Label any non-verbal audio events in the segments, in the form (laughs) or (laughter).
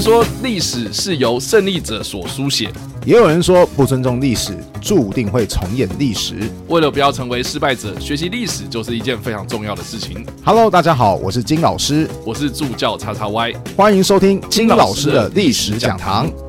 說歷史是由勝利者所書寫，也有人說不尊重歷史，注定會重演歷史。為了不要成為失敗者，學習歷史就是一件非常重要的事情。Hello，大家好，我是金老師，我是助教叉叉 Y，歡迎收聽金老師的歷史講堂。的講堂。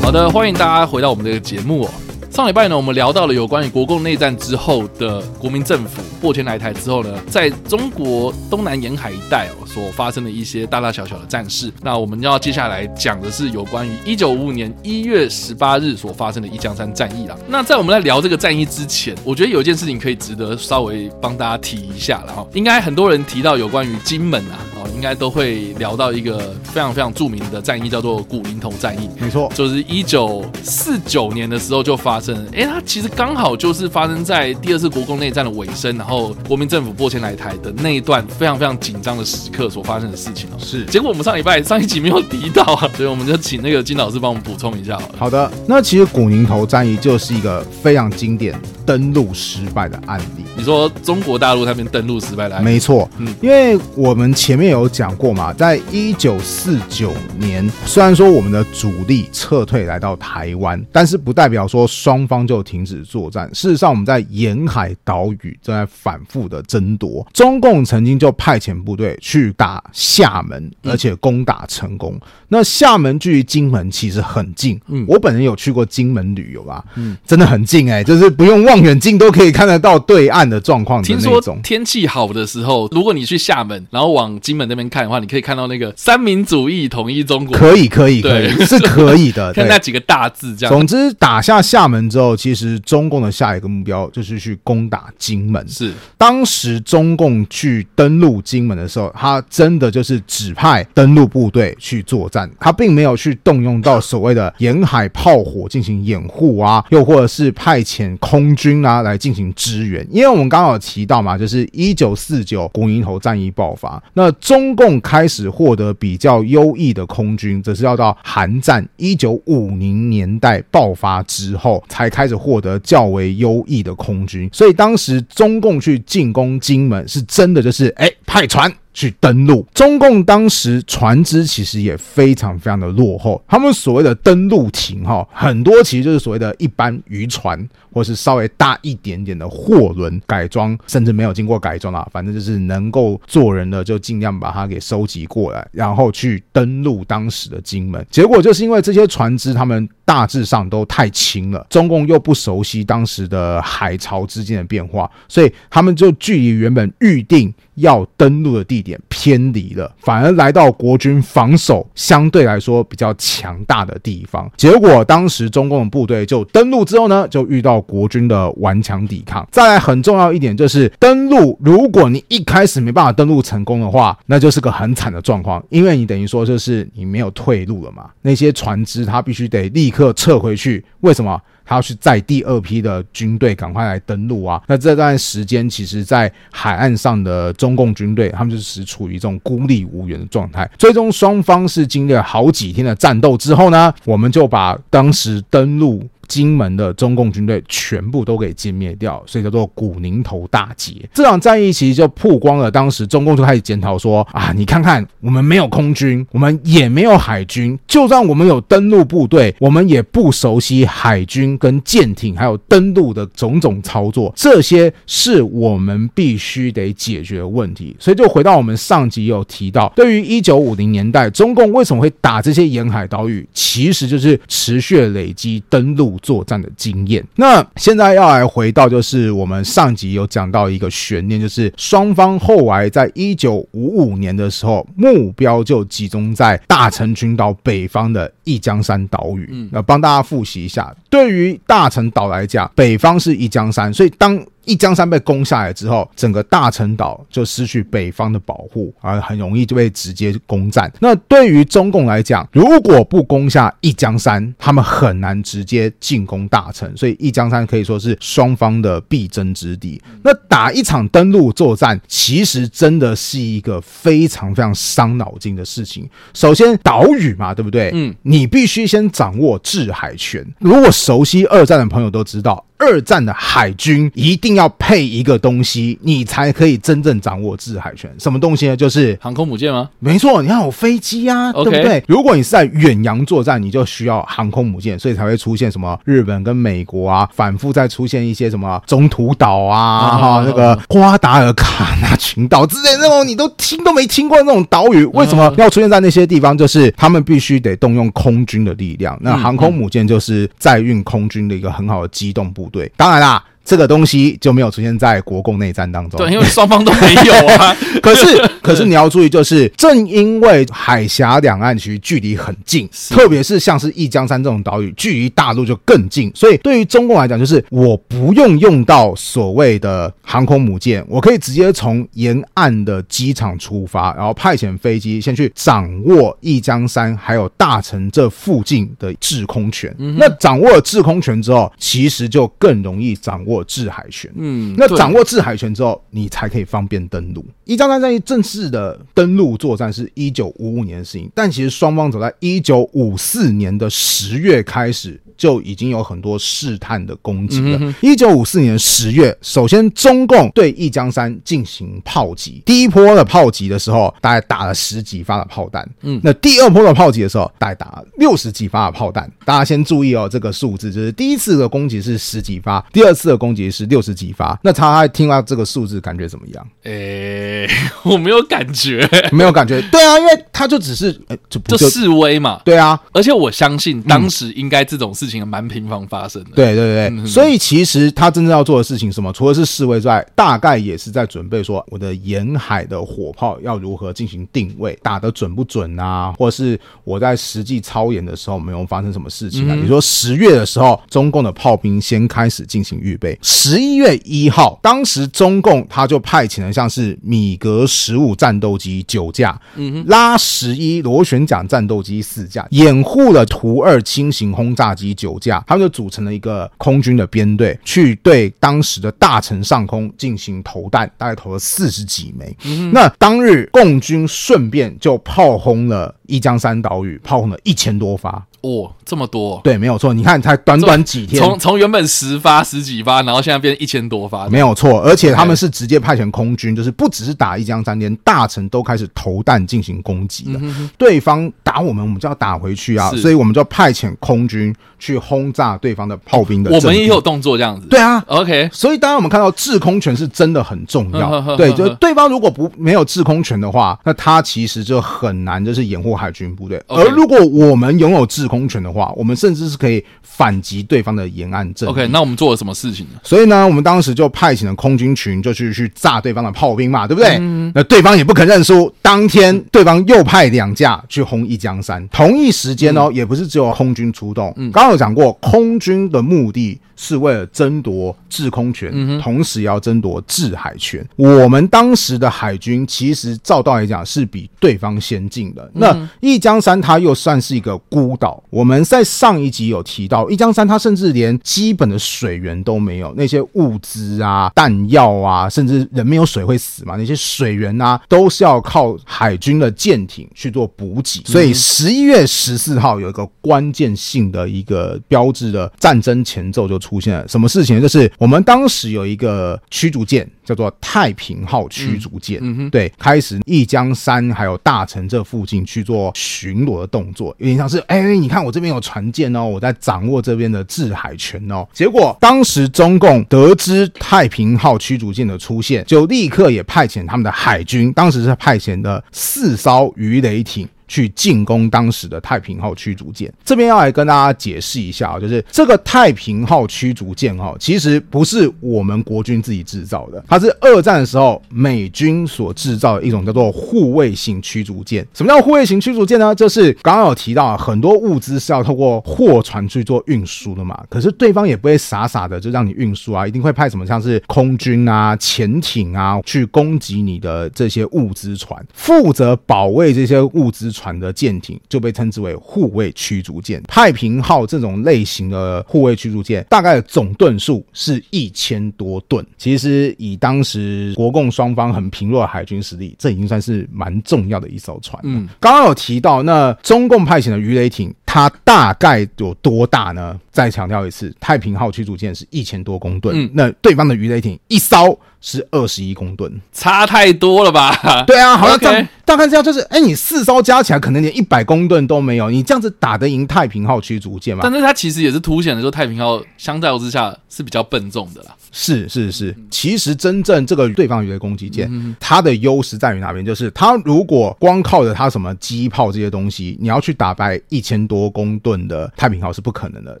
好的，歡迎大家回到我們的節目哦。上禮拜呢，我們聊到了有關於國共內戰之後的國民政府播遷來台之後呢，在中國東南沿海一帶哦，所發生的一些大大小小的戰事。那我們要接下來講的是有關於一九五五年一月十八日所發生的一江山戰役啦。那在我們來聊這個戰役之前，我覺得有一件事情可以值得稍微幫大家提一下然後，應該很多人提到有關於金門啊。應該都會聊到一個非常非常著名的戰役，叫做古寧頭戰役。沒錯錯，就是一九四九年的時候就發生。誒、欸，它其實剛好就是發生在第二次國共內戰的尾聲，然後國民政府播遷來台的那一段非常非常緊張的時刻所發生的事情哦、喔。是，結果我們上禮拜上一集沒有提到啊，所以我們就請那個金老師幫我們補充一下好。好的，那其實古寧頭戰役就是一個非常經典。登陸，登陸失敗的案例，你說中國大陸那邊登陸失敗的案例，沒錯，嗯，因為我們前面有講過嘛，在一九四九年，雖然說我們的主力撤退來到台灣，但是不代表說雙方就停止作戰。事實上，我們在沿海島嶼正在反覆的爭奪。中共曾經就派遣部隊去打廈門，而且攻打成功。嗯、那廈門距離金門其實很近，嗯，我本人有去過金門旅遊啊，嗯，真的很近、欸，哎，就是不用問望遠鏡都可以看得到對岸的狀況。聽說天氣好的時候，如果你去廈門，然後往金門那邊看的話，你可以看到那個“三民主義，統一中國”。可以，可以，可以，是可以的。看那幾個大字這樣。總之，打下廈門之後，其實中共的下一個目標就是去攻打金門。是當時中共去登陸金門的時候，他真的就是指派登陸部隊去作戰，他並沒有去動用到所謂的沿海炮火進行掩護啊，又或者是派遣空軍。軍啊，來進行支援，因為我們剛好有提到嘛，就是一九四九古寧頭戰役爆發，那中共開始獲得比較優異的空軍，則是要到韓戰一九五零年代爆發之後，才開始獲得較為優異的空軍。所以當時中共去進攻金門，是真的就是，誒派船去登陸，中共當時船只其實也非常非常的落後，他們所謂的登陸艇哈，很多其實就是所謂的一般漁船，或是稍微大一點點的貨輪改裝，甚至沒有經過改裝啦，反正就是能夠坐人的就儘量把它給收集過來，然後去登陸當時的金門。結果就是因為這些船只他們大致上都太輕了，中共又不熟悉當時的海潮之間的變化，所以他們就距離原本預定。要登陸的地點偏離了，反而來到國軍防守相對來說比較強大的地方。結果當時中共的部隊就登陸之後呢，就遇到國軍的頑強抵抗。再來很重要一點就是登陸，如果你一開始沒辦法登陸成功的話，那就是個很慘的狀況，因為你等於說就是你沒有退路了嘛。那些船隻它必須得立刻撤回去，為什麼？他要去載第二批的軍隊趕快來登陸啊！那這段時間，其實，在海岸上的中共軍隊，他們就是處於這種孤立無援的狀態。最終，雙方是經歷了好幾天的戰鬥之後呢，我們就把當時登陸。金門的中共軍隊全部都給殲滅掉，所以叫做古寧頭大捷。這場戰役其實就曝光了，當時中共就開始檢討說：啊，你看看，我們沒有空軍，我們也沒有海軍，就算我們有登陸部隊，我們也不熟悉海軍跟艦艇，還有登陸的種種操作，這些是我們必須得解決的問題。所以就回到我們上集有提到，對於一九五零年代中共為什麼會打這些沿海島嶼，其實就是持續累積登陸。作戰的經驗。那現在要來回到，就是我們上集有講到一個懸念，就是雙方後來在一九五五年的時候，目標就集中在大陳群島北方的。一江山島嶼，嗯，那幫大家複習一下。對於大陳島來講，北方是一江山，所以當一江山被攻下來之後，整個大陳島就失去北方的保護，而很容易就被直接攻佔。那對於中共來講，如果不攻下一江山，他們很難直接進攻大陳，所以一江山可以說是雙方的必爭之地。那打一場登陸作戰，其實真的是一個非常非常傷腦筋的事情。首先，島嶼嘛，對不對？嗯。你必須先掌握制海權。如果熟悉二戰的朋友都知道，二戰的海軍一定要配一個東西，你才可以真正掌握制海權。什麼東西呢？就是航空母艦嗎？沒錯，你要有飛機呀、啊，Okay. 對不對？如果你是在遠洋作戰，你就需要航空母艦，所以才會出現什麼日本跟美國啊，反覆在出現一些什麼中途島啊，哈，那個瓜達爾卡納群島之類的那種你都聽、uh huh. 都沒聽過那種島嶼，為什麼要出現在那些地方？就是他們必須得動用空軍的力量，那航空母艦就是載運空軍的一個很好的機動部。對，當然啦。這個東西就沒有出現在國共內戰當中，對，因為雙方都沒有啊。 (laughs) 可是，可是你要注意，就是正因為海峽兩岸其實距離很近，是特別是像是一江山這種島嶼，距離大陸就更近。所以，對於中共來講，就是我不用用到所謂的航空母艦，我可以直接從沿岸的機場出發，然後派遣飛機先去掌握一江山還有大陳這附近的制空權。嗯、哼那掌握了制空權之後，其實就更容易掌握握制海權，嗯，那掌握制海權之後，你才可以方便登陸。對一江山戰役正式的登陸作戰是一九五五年的事情，但其實雙方早在一九五四年的十月開始。就已經有很多試探的攻擊了。一九五四年十月，首先中共對一江山進行炮擊。第一波的炮擊的時候，大概打了十幾發的炮彈。嗯，那第二波的炮擊的時候，大概打了六十幾發的炮彈。大家先注意哦，這個數字就是第一次的攻擊是十幾發，第二次的攻擊是六十幾發。那他他聽到這個數字感覺怎麼樣？誒，我沒有感覺，沒有感覺。對啊，因為他就只是就示威嘛。對啊、嗯，而且我相信當時應該這種事情。蠻頻繁發生的，對對對、嗯哼，所以其實他真正要做的事情是什麼？除了是示威之外，大概也是在準備說，我的沿海的火炮要如何進行定位，打得準不準啊？或者是我在實際操演的時候沒有發生什麼事情啊？嗯、哼比如說十月的時候，中共的炮兵先開始進行預備，十一月一號，當時中共他就派遣了像是米格十五戰鬥機九架，嗯哼，拉十一螺旋槳戰鬥機四架，掩護了圖二輕型轟炸機。九架，他們就組成了一個空軍的編隊，去對當時的大陳上空進行投彈，大概投了四十幾枚。嗯、哼那當日，共軍順便就炮轟了一江山島嶼，炮轟了一千多發。哦，這麼多！對，沒有錯。你看，才短短幾天，從從原本十發、十幾發，然後現在變成一千多發，沒有錯。而且他們是直接派遣空軍，Okay. 就是不只是打一江山，連大陳都開始投彈進行攻擊的。嗯、哼對方打我們，我們就要打回去啊，是所以我們就派遣空軍去轟炸對方的炮兵的、哦。我們也有動作這樣子。對啊，OK。所以，當然我們看到制空權是真的很重要。呵呵呵呵對，就是對方如果不沒有制空權的話，那他其實就很難，就是掩護海軍部隊。哦、而如果我們擁有制空空權的話，我們甚至是可以反擊對方的沿岸陣 OK，那我們做了什麼事情呢？所以呢，我們當時就派遣了空軍群，就去去炸對方的炮兵嘛，對不對？嗯、那對方也不肯認輸，當天對方又派兩架去轟一江山。同一時間哦，嗯、也不是只有空軍出動。剛剛、嗯、有講過，空軍的目的。是為了爭奪制空權，同時也要爭奪制海權。嗯、哼我們當時的海軍其實照道理講是比對方先進的。那一江山它又算是一個孤島，我們在上一集有提到，一江山它甚至連基本的水源都沒有，那些物資啊、彈藥啊，甚至人沒有水會死嘛。那些水源啊，都是要靠海軍的艦艇去做補給。所以十一月十四號有一個關鍵性的一個標誌的戰爭前奏就出現。出現了什麼事情？就是我們當時有一個驅逐艦叫做“太平號”驅逐艦，嗯、哼對，開始一江山還有大陳這附近去做巡邏的動作，有點像是，哎、欸，你看我這邊有船艦哦，我在掌握這邊的制海權哦。結果當時中共得知“太平號”驅逐艦的出現，就立刻也派遣他們的海軍，當時是派遣的四艘魚雷艇。去進攻當時的太平號驅逐艦，這邊要來跟大家解釋一下啊，就是這個太平號驅逐艦哦，其實不是我們國軍自己制造的，它是二戰的時候美軍所制造的一種叫做護衛型驅逐艦。什麼叫護衛型驅逐艦呢？就是剛剛有提到很多物資是要透過貨船去做運輸的嘛，可是對方也不會傻傻的就讓你運輸啊，一定會派什麼像是空軍啊、潛艇啊去攻擊你的這些物資船，負責保衛這些物資船船的艦艇就被稱之為護衛驅逐艦。太平號這種類型的護衛驅逐艦，大概的總噸數是一千多噸。其實以當時國共雙方很貧弱的海軍實力，這已經算是蠻重要的一艘船了。嗯，剛剛有提到，那中共派遣的魚雷艇，它大概有多大呢？再強調一次，太平號驅逐艦是一千多公噸。嗯、那對方的魚雷艇一艘。是二十一公噸，差太多了吧？對啊，好像大 Okay 大概這樣，就是哎、欸，你四艘加起來可能連一百公噸都沒有，你這樣子打得贏太平號驅逐艦嗎？但是它其實也是凸顯了，說太平號相較之下是比較笨重的啦。是是是，是是嗯嗯，其實真正這個對方魚雷攻擊艦，嗯嗯，它的優勢在於哪邊？就是它如果光靠着它什麼機炮這些東西，你要去打敗一千多公噸的太平號是不可能的。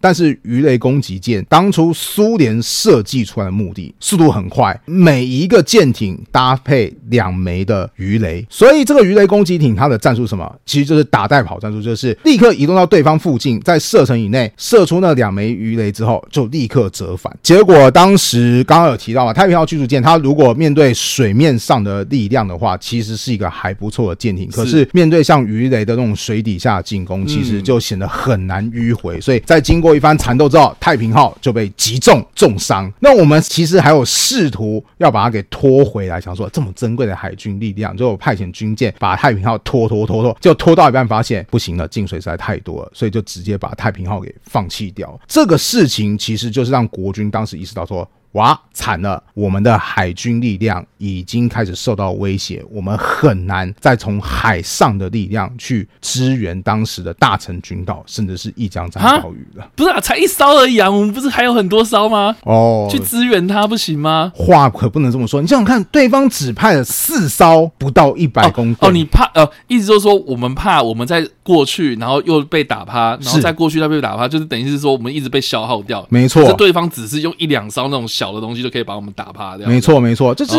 但是魚雷攻擊艦當初蘇聯設計出來的目的，速度很快。每一個艦艇搭配兩枚的魚雷，所以這個魚雷攻擊艇它的戰術什麼？其實就是打帶跑戰術，就是立刻移動到對方附近，在射程以內射出那兩枚魚雷之後，就立刻折返。結果當時剛剛有提到啊，太平號驅逐艦它如果面對水面上的力量的話，其實是一個還不錯的艦艇，可是面對像魚雷的那種水底下進攻，其實就顯得很難迂回。所以在經過一番纏鬥之後，太平號就被擊中重傷。那我們其實還有試圖。要把它給拖回來，想說這麼珍貴的海軍力量，就派遣軍艦把太平號拖拖拖拖，就拖到一半發現不行了，進水實在太多了，所以就直接把太平號給放棄掉。這個事情其實就是讓國軍當時意識到說。哇慘了，我們的海軍力量已經開始受到威脅，我們很難再從海上的力量去支援當時的大陳軍島，甚至是一江山島嶼了。不是啊，才一艘而已啊，我們不是還有很多艘嗎？哦，去支援它不行嗎？話可不能這麼說，你想想看，對方只派了四艘，不到一百公斤哦，哦，你怕呃，意思就是說我們怕我們在過去，然後又被打趴，然後再過去他被打趴，就是等於是說我們一直被消耗掉。沒錯，這對方只是用一兩艘那種。小的東西就可以把我們打趴掉，沒錯沒錯，就是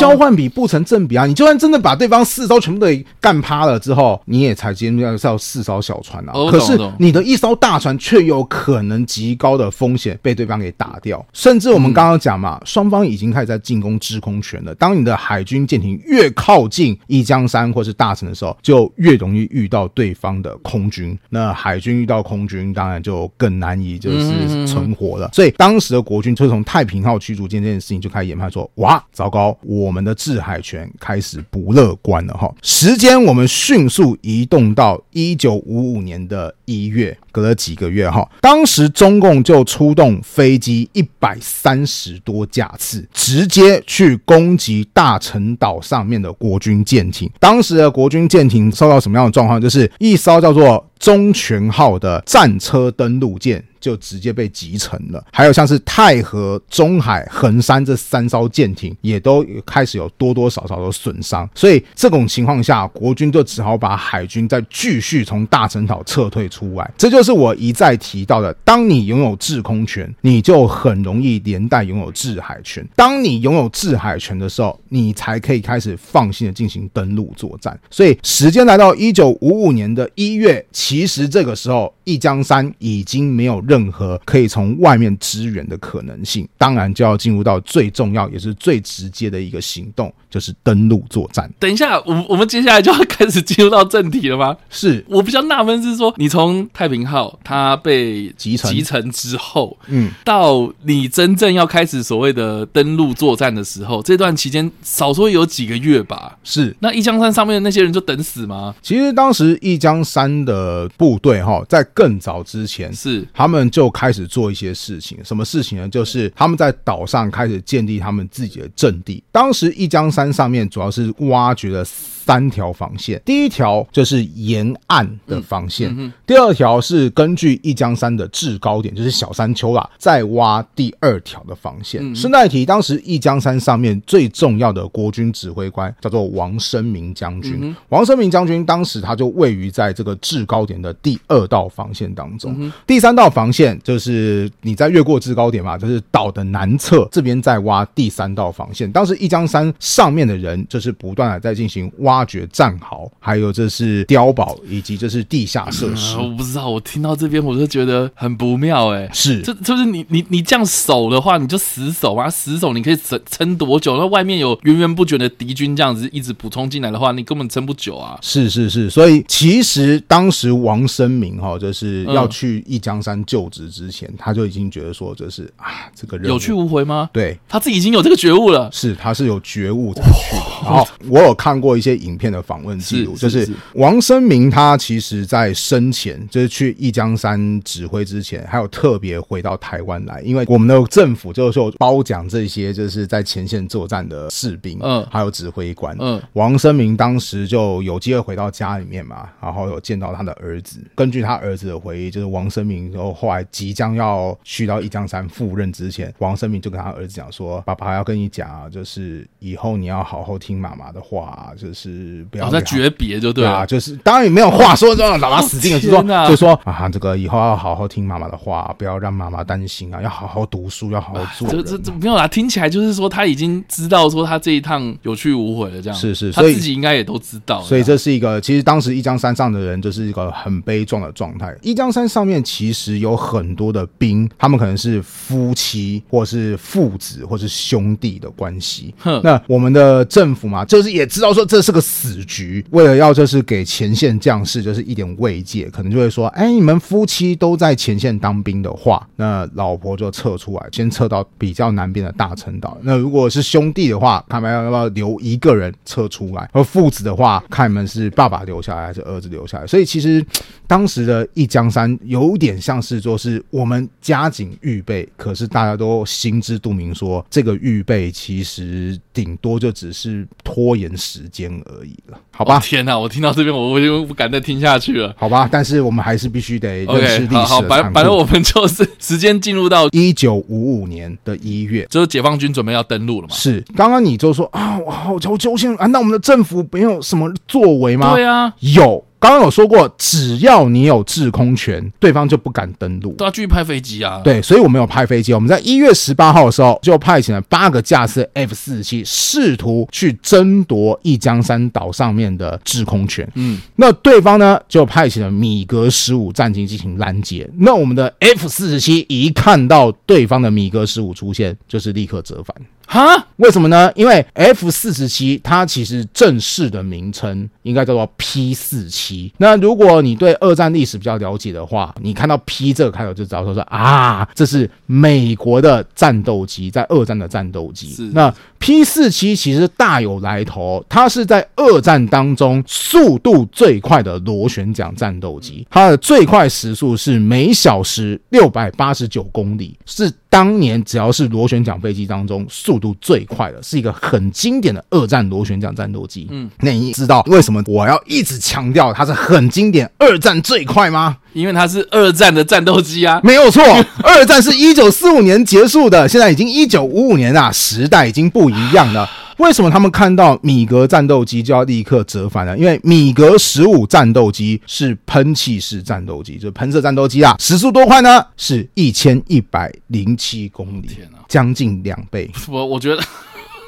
交換比不成正比啊！你就算真的把對方四艘全部都幹趴了之後，你也才接入要造四艘小船啊。可是你的一艘大船卻有可能極高的風險被對方給打掉。甚至我們剛剛講嘛，雙方已經開始在進攻制空權了。當你的海軍艦艇越靠近一江山或是大陳的時候，就越容易遇到對方的空軍。那海軍遇到空軍，當然就更難以就是存活了。所以當時的國軍就從太平。“號驅逐艦”這件事情就開始研判說：“哇，糟糕，我們的制海權開始不樂觀了。”哈，時間我們迅速移動到一九五五年的一月，隔了幾個月哈。當時中共就出動飛機一百三十多架次，直接去攻擊大陳島上面的國軍艦艇。當時的國軍艦艇受到什麼樣的狀況？就是一艘叫做“中權號”的戰車登陸艦。就直接被擊沉了。還有像是太和、中海、衡山這三艘艦艇，也都開始有多多少少的損傷。所以這種情況下，國軍就只好把海軍再繼續從大陳島撤退出來。這就是我一再提到的，當你擁有制空權，你就很容易連帶擁有制海權，當你擁有制海權的時候，你才可以開始放心的進行登陸作戰。所以時間來到一九五五年的一月，其實這個時候，一江山已經沒有。任何可以從外面支援的可能性，當然就要進入到最重要也是最直接的一個行動，就是登陸作戰。等一下，我我們接下來就要開始進入到正題了嗎？是，我比較納悶是說，你從太平號它被擊沉，擊沉之後，嗯，到你真正要開始所謂的登陸作戰的時候，這段期間少說有幾個月吧。是，那一江山上面的那些人就等死嗎？其實當時一江山的部隊哈，在更早之前是他們。就開始做一些事情，什麼事情呢？就是他們在島上開始建立他們自己的陣地。當時一江山上面主要是挖掘了三條防線，第一條就是沿岸的防線，第二條是根據一江山的制高點，就是小山丘啦，再挖第二條的防線。順帶一提，當時一江山上面最重要的國軍指揮官叫做王生明將軍。王生明將軍當時他就位於在這個制高點的第二道防線當中，第三道防。線就是你在越過制高點嘛，就是島的南側這邊在挖第三道防線。當時一江山上面的人，就是不斷的在進行挖掘戰壕，還有這是碉堡以及這是地下設施、嗯嗯。我不知道，我聽到這邊我就覺得很不妙哎、欸，是，這就，就是你你你這樣守的話，你就死守啊，死守你可以撐撐多久？那外面有源源不絕的敵軍這樣子一直補充進來的話，你根本撐不久啊。是是是，所以其實當時王生明哈，就是要去一江山救，入職之前，他就已經覺得說這，就是啊，這個人有去無回嗎？對，他自己已經有這個覺悟了。是，他是有覺悟才去的。好、哦，然後我有看過一些影片的訪問記錄，是就是王生明他其實在生前，就是去一江山指揮之前，還有特別回到台灣來，因為我們的政府就是說褒獎這些就是在前線作戰的士兵，嗯，還有指揮官，嗯，王生明當時就有機會回到家裡面嘛，然後有見到他的兒子。根據他兒子的回憶，就是王生明之後。即將要去到一江山赴任之前，王生明就跟他兒子講說：“爸爸要跟你講、啊，就是以後你要好好聽媽媽的話，就是不要……”在訣別就對，了對啊，就是當然也沒有話說，就老媽死定的、啊、就說：“就說啊，這個以後要好好聽媽媽的話，不要讓媽媽擔心啊，要好好讀書，要好好做、啊。啊”這這，這沒有啊，聽起來就是說他已經知道說他這一趟有去無回了，這樣是是，所以他自己應該也都知道。所以這是一個，啊、其實當時一江山上的人就是一個很悲壯的狀態。一江山上面其實有。很多的兵，他們可能是夫妻，或是父子，或是兄弟的關係。呵那我們的政府嘛，就是也知道說，這是個死局，為了要就是給前線將士就是一點慰藉，可能就會說：哎、欸，你們夫妻都在前線當兵的話，那老婆就撤出來，先撤到比較南邊的大陳島；那如果是兄弟的話，他們要不要留一個人撤出來；而父子的話，看你們是爸爸留下來還是兒子留下來。所以其實當時的一江山有點像是做。就是我們加緊預備，可是大家都心知肚明說，說這個預備其實頂多就只是拖延時間而已了，好吧？哦、天吶、啊，我聽到這邊，我我就不敢再聽下去了，好吧？但是我們還是必須得認識歷史 okay，好，好，反反正我們就是時間進入到一九五五年的一月，就是解放軍準備要登陸了嘛。是，剛剛你就說啊，我好，我揪心，難、啊、道我們的政府沒有什麼作為嗎？對啊，有。剛剛有說過，只要你有制空權，對方就不敢登陸，大家繼續派飛機啊。對，所以我們有派飛機，我們在一月十八號的時候就派遣了八個架次 F 四十七，試圖去爭奪一江山島上面的制空權。嗯，那對方呢就派遣了米格十五戰機進行攔截。那我們的 F 四十七一看到對方的米格十五出現，就是立刻折返。哈？為什麼呢？因為 F 四十七它其實正式的名稱應該叫做 P 四七。那如果你對二戰歷史比較了解的話，你看到 P 這個開頭就知道說啊，這是美國的戰鬥機，在二戰的戰鬥機。是那 P 四七其實大有來頭，它是在二戰當中速度最快的螺旋槳戰鬥機，它的最快時速是每小時六百八十九公里，是當年只要是螺旋槳飛機當中速度最快的，是一個很經典的二戰螺旋槳戰鬥機。嗯，那你知道為什麼我要一直強調它是很經典二戰最快嗎？因為它是二戰的戰鬥機啊，沒有錯，二戰是一九四五年結束的， (laughs) 現在已經一九五五年啊，時代已經不一樣了。為什麼他們看到米格戰鬥機就要立刻折返呢？因為米格十五戰鬥機是噴氣式戰鬥機，就噴射戰鬥機啊，時速多快呢？是一千一百零七公里，天哪，將近兩倍。我我覺得。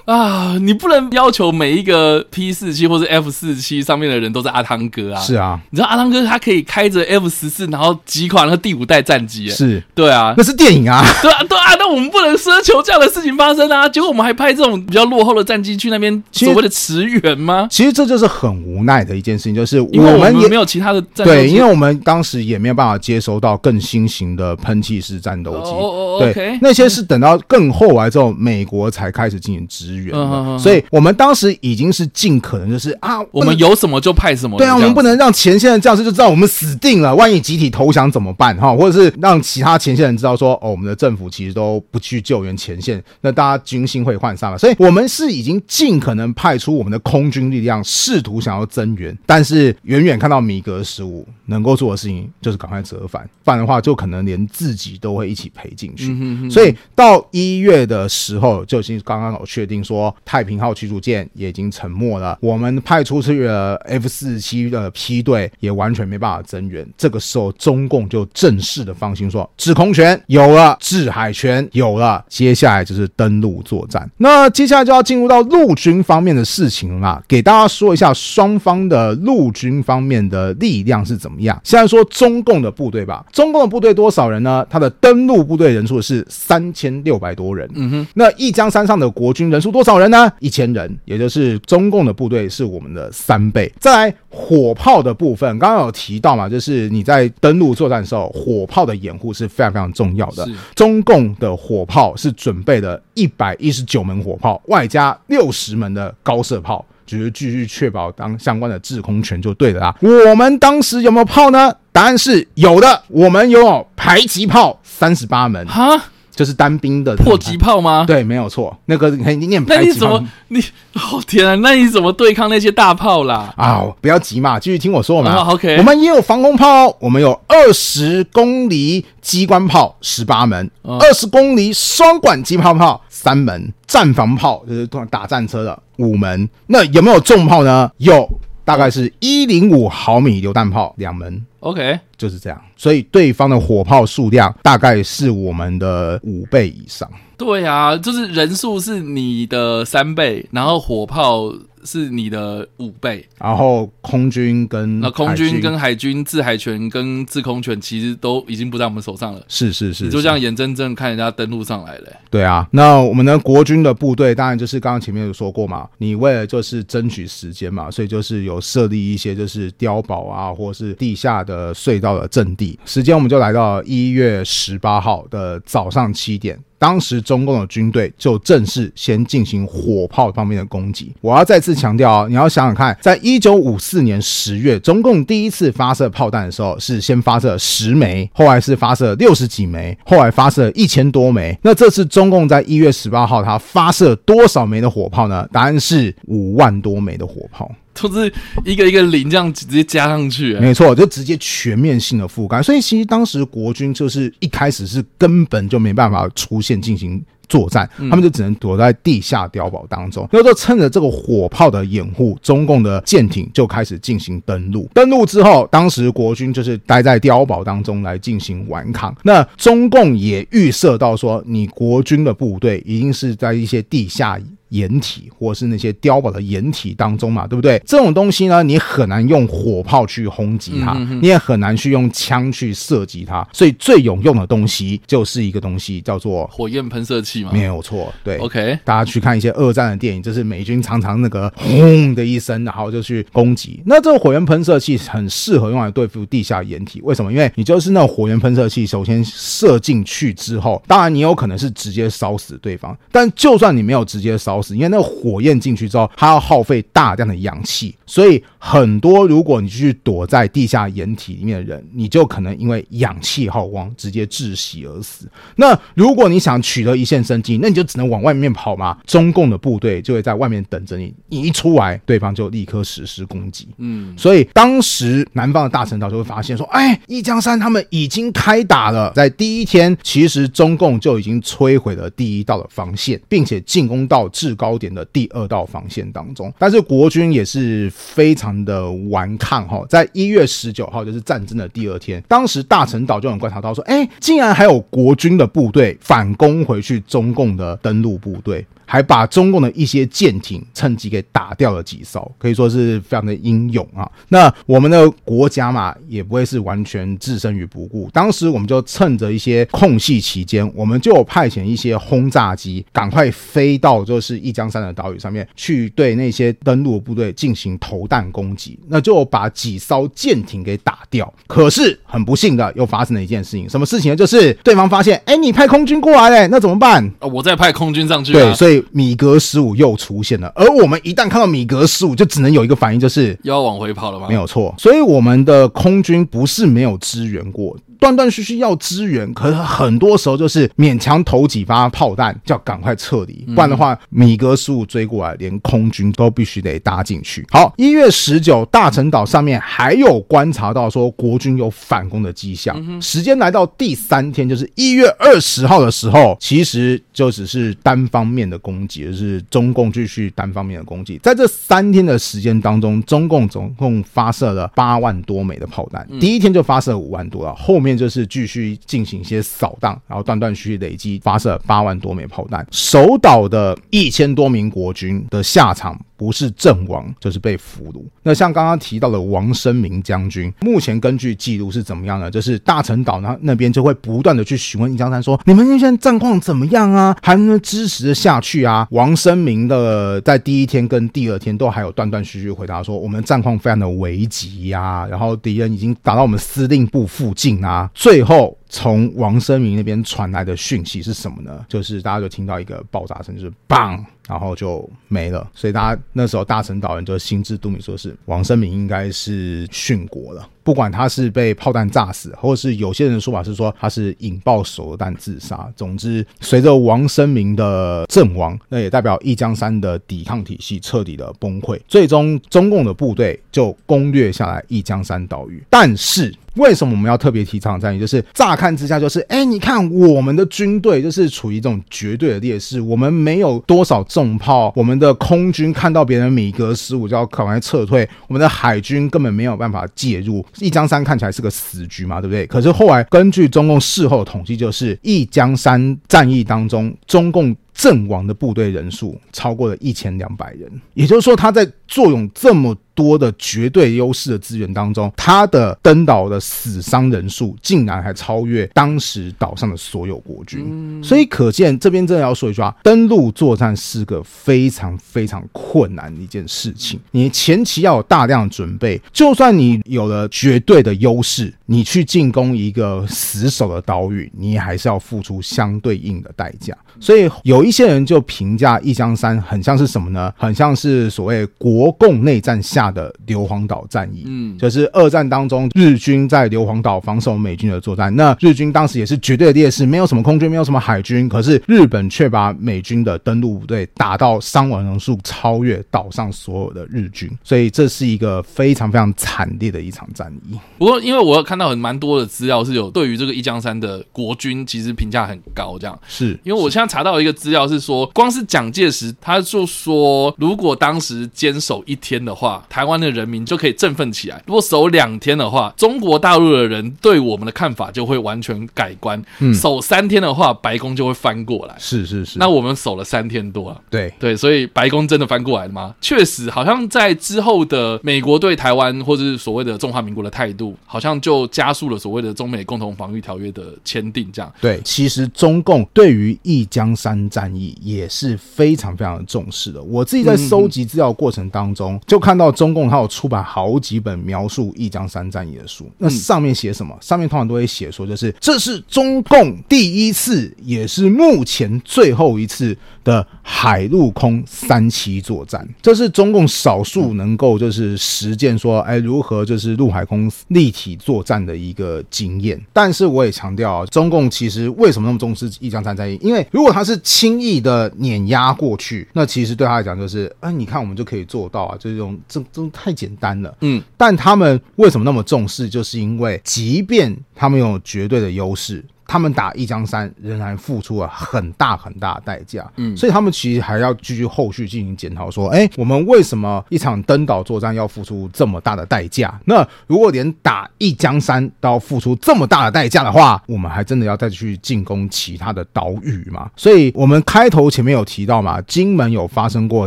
啊，你不能要求每一個 P 四七或者 F 四七上面的人都是阿湯哥啊！是啊，你知道阿湯哥他可以開着 F 十四，然後擊垮和第五代戰機，欸，是對啊，那是電影啊，對啊，對啊，那 (laughs) 我們不能奢求這樣的事情發生啊！結果我們還派這種比較落後的戰機去那邊所謂的馳援嗎？其其實，這就是很無奈的一件事情，就是我們也因為我們沒有其他的戰。對，因為我們當時也沒有辦法接收到更新型的噴氣式戰鬥機，哦哦、對，哦、okay, 那些是等到更後來之後，嗯、美國才開始進行支。支援，呃、呵呵，所以我們當時已經是盡可能就是啊，我們有什麼就派什麼。對啊，我們不能讓前線的將士就知道我們死定了，萬一集體投降怎麼辦？哈，或者是讓其他前線人知道說，哦，我們的政府其實都不去救援前線，那大家軍心會渙散了。所以我們是已經盡可能派出我們的空軍力量，試圖想要增援，但是遠遠看到米格十五能夠做的事情，就是趕快折返，不然的話就可能連自己都會一起賠進去。嗯、哼所以到一月的時候就已經剛剛好確定，說太平號驅逐艦也已經沉沒了，我們派出去了 F 的 F 四七的批隊也完全沒辦法增援。這個時候，中共就正式的放心說，制空權有了，制海權有了，接下來就是登陸作戰。那接下來就要進入到陸軍方面的事情了，給大家說一下雙方的陸軍方面的力量是怎麼樣。先來說中共的部隊吧，中共的部隊多少人呢？他的登陸部隊人數是三千六百多人。嗯哼，那一江山上的國軍人數，多少人呢？一千人，也就是中共的部隊是我們的三倍。再來火炮的部分，剛剛有提到嘛，就是你在登陸作戰的時候，火炮的掩護是非常非常重要的。是中共的火炮是準備了一百一十九門火炮，外加六十門的高射炮，就是繼續確保當相關的制空權就對了啦、啊。我們當時有沒有炮呢？答案是有的，我們有排擊炮三十八門。哈。就是單兵的迫擊炮嗎？對，沒有錯，那個你看你念不開。那你怎麼你？哦，天啊，那你怎麼對抗那些大炮啦？啊，不要急嘛，繼續聽我說嘛。啊、OK，我們也有防空炮，我們有二十公里機關炮十八門，二十、啊、公里雙管機炮炮三門，戰防炮就是打戰車的五門。那有沒有重炮呢？有。大概是一零五毫米榴彈炮兩門，OK，就是這樣。所以對方的火炮數量大概是我們的五倍以上。對啊，就是人數是你的三倍，然後火炮。是你的五倍，然後空軍跟海軍、啊、空軍跟海軍制海權跟制空權其實都已經不在我們手上了，是是是，是，就這樣眼睜睜看人家登陸上來了、欸。對啊，那我們的國軍的部隊當然就是剛剛前面有說過嘛，你為了就是爭取時間嘛，所以就是有設立一些就是碉堡啊，或是地下的隧道的陣地。時間我們就來到一月十八號的早上七點。當時中共的軍隊就正式先進行火炮方面的攻擊。我要再次強調啊、哦，你要想想看，在一九五四年十月，中共第一次發射炮彈的時候是先發射十枚，後來是發射六十幾枚，後來發射一千多枚。那這次中共在一月十八號，它發射多少枚的火炮呢？答案是五萬多枚的火炮。都是一個一個零這樣直接加上去。欸，沒錯，就直接全面性的覆蓋。所以其實當時國軍就是一開始是根本就沒辦法出現進行作戰，嗯、他們就只能躲在地下碉堡當中。那就趁着這個火炮的掩護，中共的艦艇就開始進行登陸。登陸之後，當時國軍就是待在碉堡當中來進行頑抗。那中共也預設到說，你國軍的部隊一定是在一些地下。掩體或是那些碉堡的掩體當中嘛，對不對？這種東西呢，你很難用火炮去轟擊它，嗯哼，你也很難去用槍去射擊它。所以最有用的東西就是一個東西叫做火焰噴射器嘛，沒有錯。對，OK，大家去看一些二戰的電影，就是美軍常常那個轟的一聲，然後就去攻擊。那這個火焰噴射器很適合用來對付地下掩體，為什麼？因為你就是那種火焰噴射器，首先射進去之後，當然你有可能是直接燒死對方，但就算你沒有直接燒死。因為那個火焰進去之後，它要耗費大量的氧氣，所以很多如果你去躲在地下掩體裡面的人，你就可能因為氧氣耗光，直接窒息而死。那如果你想取得一線生機，那你就只能往外面跑嘛。中共的部隊就會在外面等着你，你一出來，對方就立刻實施攻擊。嗯，所以當時南方的大陳島就會發現說，哎，一江山他們已經開打了，在第一天，其實中共就已經摧毀了第一道的防線，並且進攻到至。高點的第二道防線當中，但是國軍也是非常的頑抗哈，在一月十九號，就是戰爭的第二天，當時大陳島就能觀察到說，哎，竟然還有國軍的部隊反攻回去中共的登陸部隊。還把中共的一些艦艇趁機給打掉了幾艘，可以說是非常的英勇啊。那我們的國家嘛，也不會是完全置身於不顧。當時我們就趁着一些空隙期間，我們就派遣一些轟炸機趕快飛到就是一江山的島嶼上面去，對那些登陸部隊進行投彈攻擊，那就把幾艘艦艇給打掉。可是很不幸的，又發生了一件事情，什麼事情呢？就是對方發現，哎、欸，你派空軍過來嘞，那怎麼辦？啊、哦，我再派空軍上去、啊。對，所以。米格十五又出現了，而我們一旦看到米格十五，就只能有一個反應，就是要往回跑了嗎？沒有錯，所以我們的空軍不是沒有支援過。斷斷續續要支援，可是很多時候就是勉強投幾發炮彈，就要趕快撤離，不然的話米格十五追過來，連空軍都必須得搭進去。好，一月十九，大陳島上面還有觀察到說國軍有反攻的跡象。時間來到第三天，就是一月二十號的時候，其實就只是單方面的攻擊，就是中共繼續單方面的攻擊。在這三天的時間當中，中共總共發射了八萬多枚的炮彈，第一天就發射五萬多了，後面。就是繼續進行一些掃蕩，然後斷斷續續累積發射八萬多枚炮彈，守島的一千多名國軍的下場。不是陣亡，就是被俘虜。那像剛剛提到的王生明將軍，目前根據記錄是怎麼樣呢？就是大陳島那那邊就會不斷的去詢問一江山說：“你們現在戰況怎麼樣啊？還能支持下去啊？”王生明的在第一天跟第二天都還有斷斷續續回答說：“我們的戰況非常的危急呀、啊，然後敵人已經打到我們司令部附近啊。”最後從王生明那邊傳來的訊息是什麼呢？就是大家就聽到一個爆炸聲，就是「棒」。然後就沒了，所以大家那時候大陳島人就心知肚明，說是王生明應該是殉國了。不管他是被炮彈炸死，或是有些人的說法是說他是引爆手榴彈自殺。總之，隨着王生明的陣亡，那也代表一江山的抵抗體系徹底的崩潰，最終中共的部隊就攻略下來一江山島嶼。但是。為什麼我們要特別提這場戰役？就是乍看之下，就是哎，你看我們的軍隊就是處於這種絕對的劣勢，我們沒有多少重炮我們的空軍看到別人米格十五就要趕快撤退，我們的海軍根本沒有辦法介入，一江山看起來是個死局嘛，對不對？可是後來根據中共事後的統計，就是一江山戰役當中，中共陣亡的部隊人數超過了一千兩百人，也就是說他在。坐擁這麼多的絕對優勢的資源當中，他的登島的死傷人數竟然還超越當時島上的所有國軍，所以可見這邊真的要說一句話：登陸作戰是個非常非常困難的一件事情。你前期要有大量的準備，就算你有了絕對的優勢，你去進攻一個死守的島嶼，你還是要付出相對應的代價。所以有一些人就評價一江山很像是什麼呢？很像是所謂國。國共內戰下的硫磺島戰役，嗯，就是二戰當中日軍在硫磺島防守美軍的作戰。那日軍當時也是絕對劣勢，沒有什麼空軍，沒有什麼海軍，可是日本卻把美軍的登陸部隊打到傷亡人數超越島上所有的日軍，所以這是一個非常非常慘烈的一場戰役。不過，因為我看到很蠻多的資料是有對於這個一江山的國軍其實評價很高，這樣是，因為我現在查到一個資料是說，光是蔣介石他就說，如果當時堅守。守一天的話，台灣的人民就可以振奮起來；如果守兩天的話，中國大陸的人對我們的看法就會完全改觀；嗯、守三天的話，白宮就會翻過來。是是是。那我們守了三天多了。對對，所以白宮真的翻過來了嗎？確實，好像在之後的美國對台灣或者是所謂的中華民國的態度，好像就加速了所謂的中美共同防禦條約的簽訂。這樣。對，其實中共對於一江山戰役也是非常非常的重視的。我自己在收集資料過程中。嗯嗯當中就看到中共他有出版好幾本描述一江山戰役的書，那上面寫什麼？上面通常都會寫說，就是這是中共第一次，也是目前最後一次的海陸空三棲作戰，這是中共少數能夠就是實踐說，哎，如何就是陸海空立體作戰的一個經驗。但是我也強調，中共其實為什麼那麼重視一江山戰役？因為如果他是輕易的碾壓過去，那其實對他來講就是，哎，你看我們就可以做。做到啊，這種這種太簡單了，嗯，但他們為什麼那麼重視？就是因為，即便他們有絕對的優勢。他們打一江山仍然付出了很大很大的代價，嗯，所以他們其實還要繼續後續進行檢討，說，哎、欸，我們為什麼一場登島作戰要付出這麼大的代價？那如果連打一江山都要付出這麼大的代價的話，我們還真的要再去進攻其他的島嶼嗎？所以，我們開頭前面有提到嘛，金門有發生過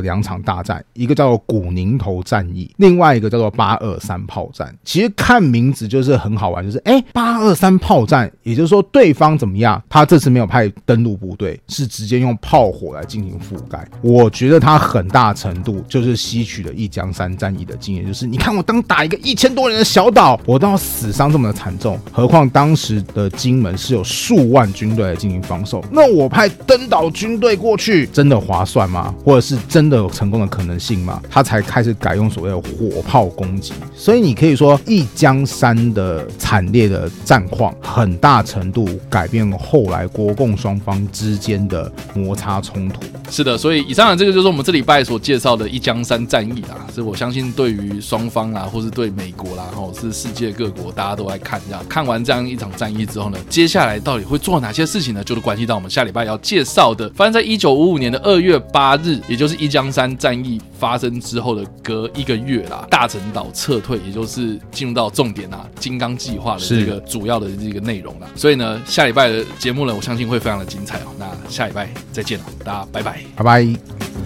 兩場大戰，一個叫做古寧頭戰役，另外一個叫做八二三炮戰。其實看名字就是很好玩，就是哎，八二三炮戰，也就是說對。方怎麼樣？他這次沒有派登陸部隊，是直接用炮火來進行覆蓋。我覺得他很大程度就是吸取了一江山戰役的經驗，就是你看我當打一個一千多人的小島，我都要死傷這麼的慘重，何況當時的金門是有數萬軍隊來進行防守，那我派登島軍隊過去，真的划算嗎？或者是真的有成功的可能性嗎？他才開始改用所謂的火炮攻擊。所以你可以說一江山的慘烈的戰況，很大程度，改變後來國共雙方之間的摩擦衝突。是的，所以以上的、啊、這個就是我們這禮拜所介紹的一江山戰役啦。所以我相信對於雙方啦、啊，或是對美國啦，或是世界各國大家都來看一下。看完這樣一場戰役之後呢，接下來到底會做哪些事情呢？就是關係到我們下禮拜要介紹的。發生在一九五五年的二月八日，也就是一江山戰役發生之後的隔一個月啦，大陳島撤退，也就是進入到重點啦、啊，金剛計劃的這個主要的這個內容啦。所以呢。下禮拜的節目呢，我相信會非常的精彩哦。那下禮拜再見了，大家拜拜，拜拜。